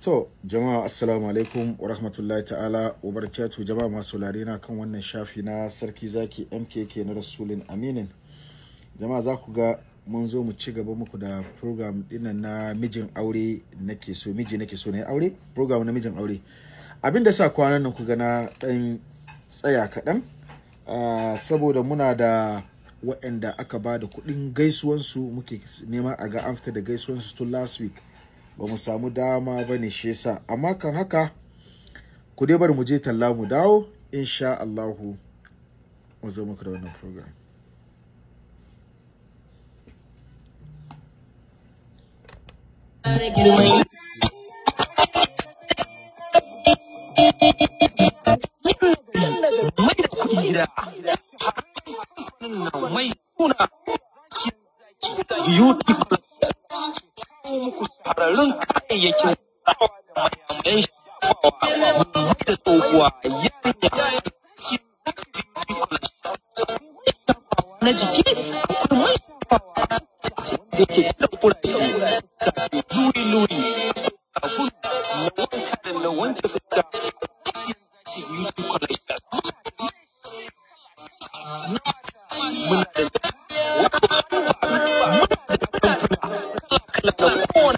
To, jama'a assalamu alaikum wa rahmatullahi ta'ala wa barakatuhu jama'a masu na kan wannan shafi na sarki zaki MKK na Rasulin Aminin. Jama'a za ku ga mun zo mu ci gaba muku da program dinnan na mijin aure nake so miji nake so na aure program na mijin aure abin da sa kwanan nan ku ga na dan tsaya kaɗan saboda muna da waɗanda aka ba da kuɗin gaisuwansu muke nema a ga an da gaisuwansu tun last week ba mu samu dama ba ne shi yasa amma kan haka ku dai bar mu je talla mu dawo insha Allahu mu zo muku da wannan program mai fararrun kayayyakin sawa da mayan shafawa da tsohuwa yarinya na jiki akwai shafawa da yake cikin kuraje da luwi luwi a kusa na wanka da na wanke fuska beauty collection muna da kamfuna kala kala da kowane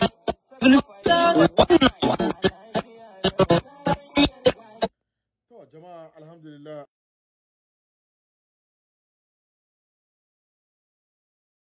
you. Wow.